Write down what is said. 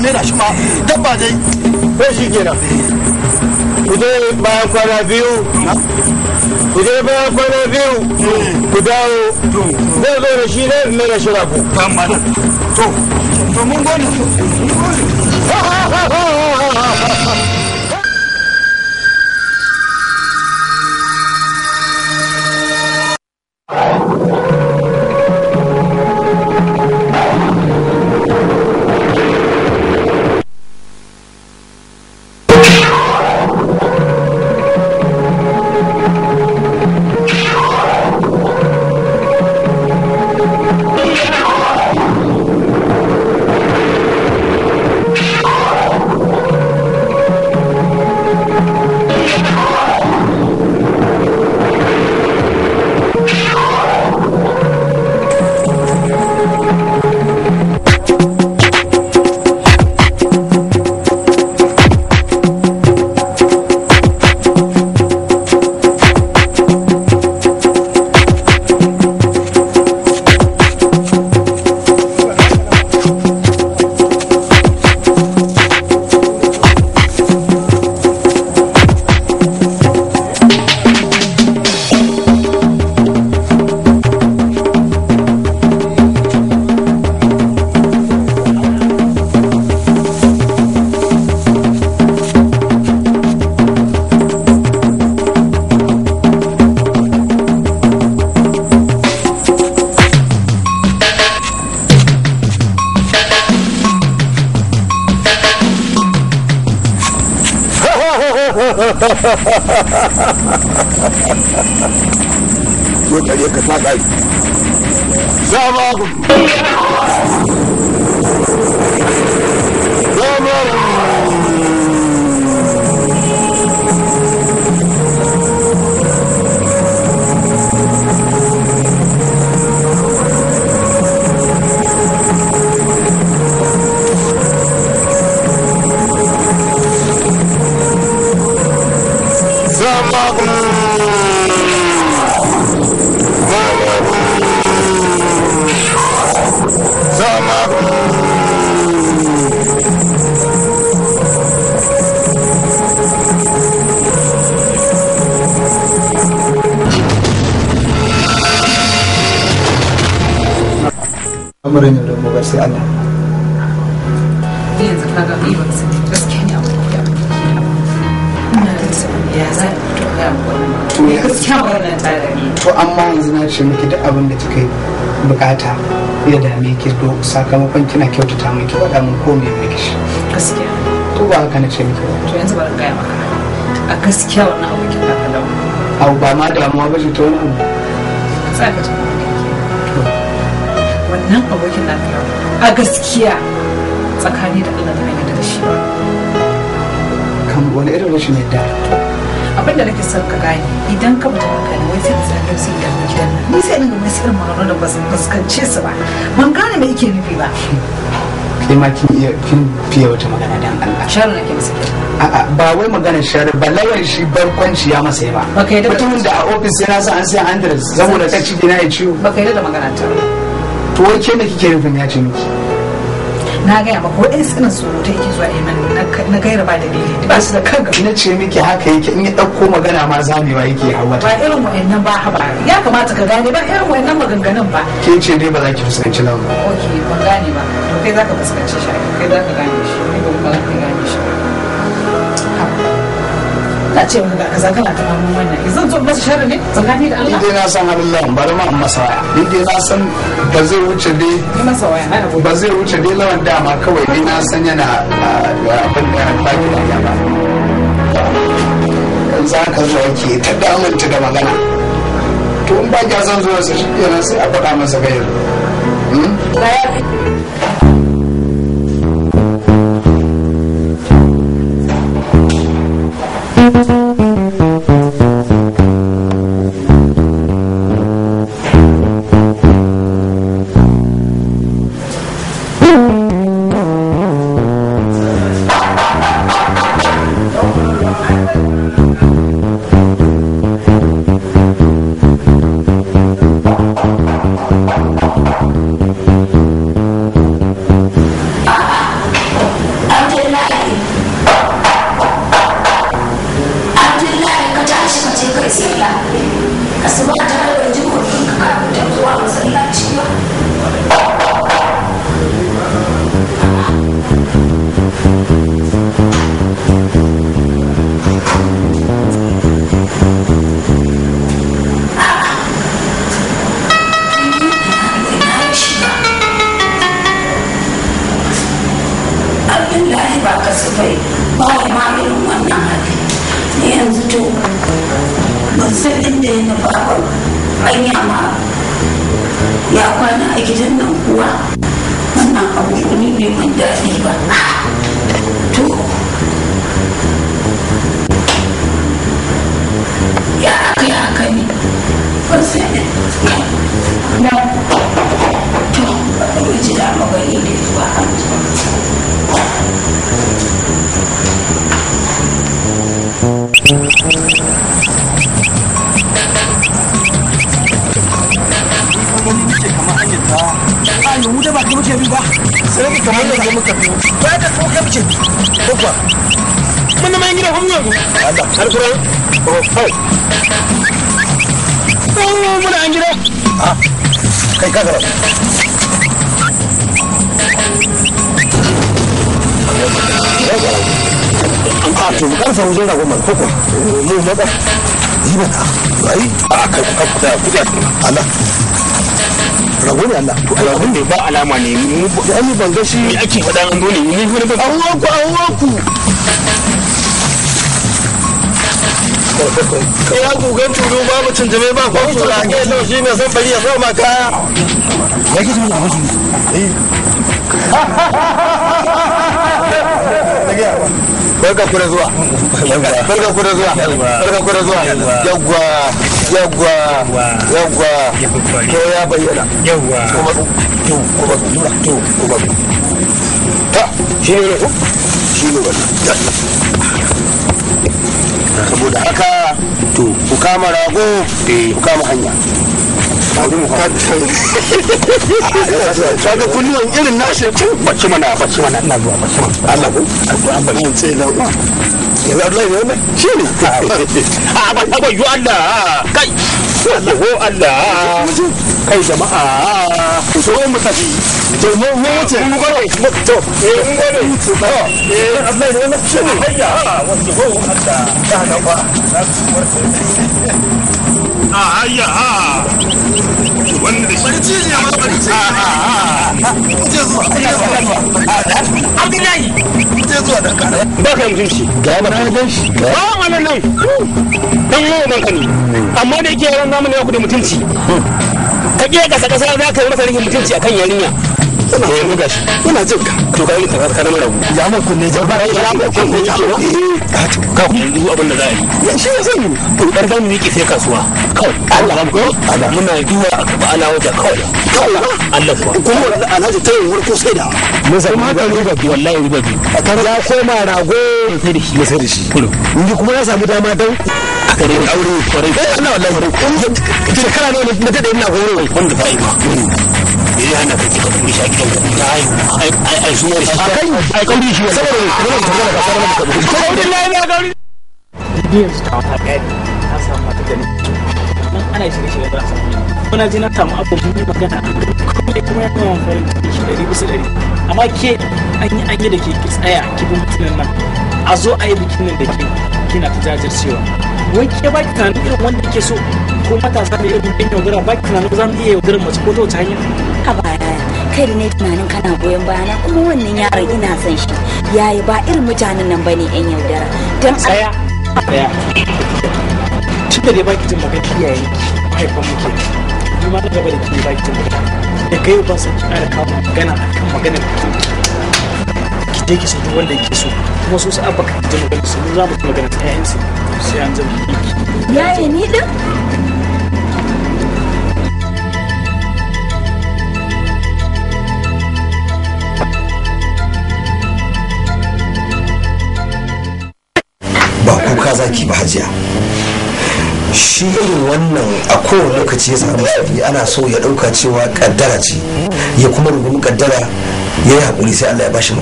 U shi ma dabba dai ko shi kenan ku dai bayan kwana biyu ku dai bayan kwana biyu ku dawo zai zo da shi ne mai da shi rago to to mun gode mun zo kare aí. sa kai sama sama magana Allah yanzu ka ga ni da to amma yanzu na ce miki duk abin da kika bukata ya dame ki sakamakon kina kyautata miki wada mun miki gaskiya to ba haka na ce miki to yanzu ga maka a gaskiya wannan ba ma damuwa ba ce nan abokin lafiya a gaskiya tsakani da Allah da da shi ba kan wani irin rashin yadda abin da nake son ka gane idan ka mutu maka ne wai sai da tsarin sai da gidan nan ni sai nan mai sirrin magana da su fuskance su ba ban gane me yake nufi ba kai ma kin iya kin fiye wata magana dan Allah sharar nake masa a'a ba wai maganar sharar ba lawan shi barkwanci ya masa ba kai da a ofis yana na san an sai Andres saboda ta ci na ya ciwo baka yi da magana ta to wai ke me kike nufin ya ce miki na gaya ko ɗan sanin surutai yake zuwa iman na gaira ba dalili ba su da kan gaba na ce miki haka yake in ya ɗauko magana ma zamewa yake hawa ba irin wa'annan ba haba ya kamata ka gane ba irin wa'annan maganganun ba ke ce dai ba za ki fuskanci nan ba ok ban gane ba to kai za ka fuskanci shi kai za ka gane shi ne ba kana ce mun ga kaza kana ta wannan zo masa ne tsakani da Allah na san Allah ba da ma masa na san ba zai wuce dai ni masa waya ba zai wuce dai lawan dama kawai ni na san yana abin da ba ki da ba za ka zo ke ta damunta da magana to in ba ki san zuwa sai a faɗa masa gairu. Hmm? an yi ya kwana a gidan nan kuwa wannan abu ne bai mun daɗi ba to ya aka yi haka ne ban 뭐 어, 어, 아, 아, 지금 오빠 맨날 행기라 없냐고 안다 알았구나 어 하이 어 뭐라 행기라 아 가이 가더 아, 좀 깜짝 오전고말 보고, 뭐, 뭐다, 이번아 가고, 가자 안다. rago ne Allah to rago ba alama ne an ni ne an barka ku zuwa barka ku zuwa barka ku da zuwa yawwa yawwa yawwa to ya bayyana yawwa kuma to kuma to kuma ta shi ne ko shi ne saboda haka to ku kama rago ku kama hanya kaga kullum irin nashi cin baki mana baki mana ina zuwa baki mana Allah ko addu'a bari mun sai lawa yanzu Allah ya ne shi ne a ba ta bayu Allah kai Allah ko Allah kai jama'a so mu tafi to mu mu wuce mu gore to eh mu gore to eh Allah ya ne shi ne hayya wasu ko Allah ta na ba na su warke a hayya wanda shi ne ma bari ce kuje ba ka mutum shi ba na gan ba wannan nan dan yau nan kani amma da yake yaran zamani ya ku mutunci ka je ka saka sai za ka yi masa rihin mutunci akan yarinya suna ke buga shi ina jin ka to kai ka ka na rabu ya mun kunne ja ba ya ma kunne ja ka ka ku duk abin da za yi shi ya sani to dar ga mu yake sai kasuwa kawai Allah ba ko Allah muna duwa a kaba ala wajen kawai Allah Allah kuma alhaji tayin warko sai da mun sai haka riba bi wallahi riba bi kan ya koma rago sai da shi sai da shi ni kuma ya samu dama dan aka ne aure kwarai eh, Allah wallahi kun shekara ne na dade ina horo wanda me ya hana kai ka kuɗi shi a gidan ka ka a kai da kuɗi su ta wata ta samu na samu magana kuma ya kama shi ɗari ɗari amma ke an yi da ke ki tsaya ki bi mutumin nan a zo a yi bikin nan da ke kina ta jajircewa wai ke ba ki tunanin irin wanda ke so ko matasa mai irin yin yaudara ba ki tunanin za mu iya yaudarar mace ko ta wace hanya. a baya kai da ne tunanin kana goyon bayana kuma wannan yaron ina son shi yayi ba irin mutanen nan bane yan yaudara don tsaya tsaya tun da dai ba ki jin magana iyaye haifan muke ni ma na gaba da kiyaye baki ki jin magana da kai ba san ki ƙara kawo magana akan maganar ki je ki so duk wanda ke so kuma so sai abba ka ji magana su mu za mu magana ta ƴaƴansu sai an zama Yaya ni din ba za ki ba hajiya shi irin wannan a kowane lokaci ya samu shafi ana so ya ɗauka cewa kaddara ce ya kuma rubu kaddara ya yi haƙuri sai allah ya bashi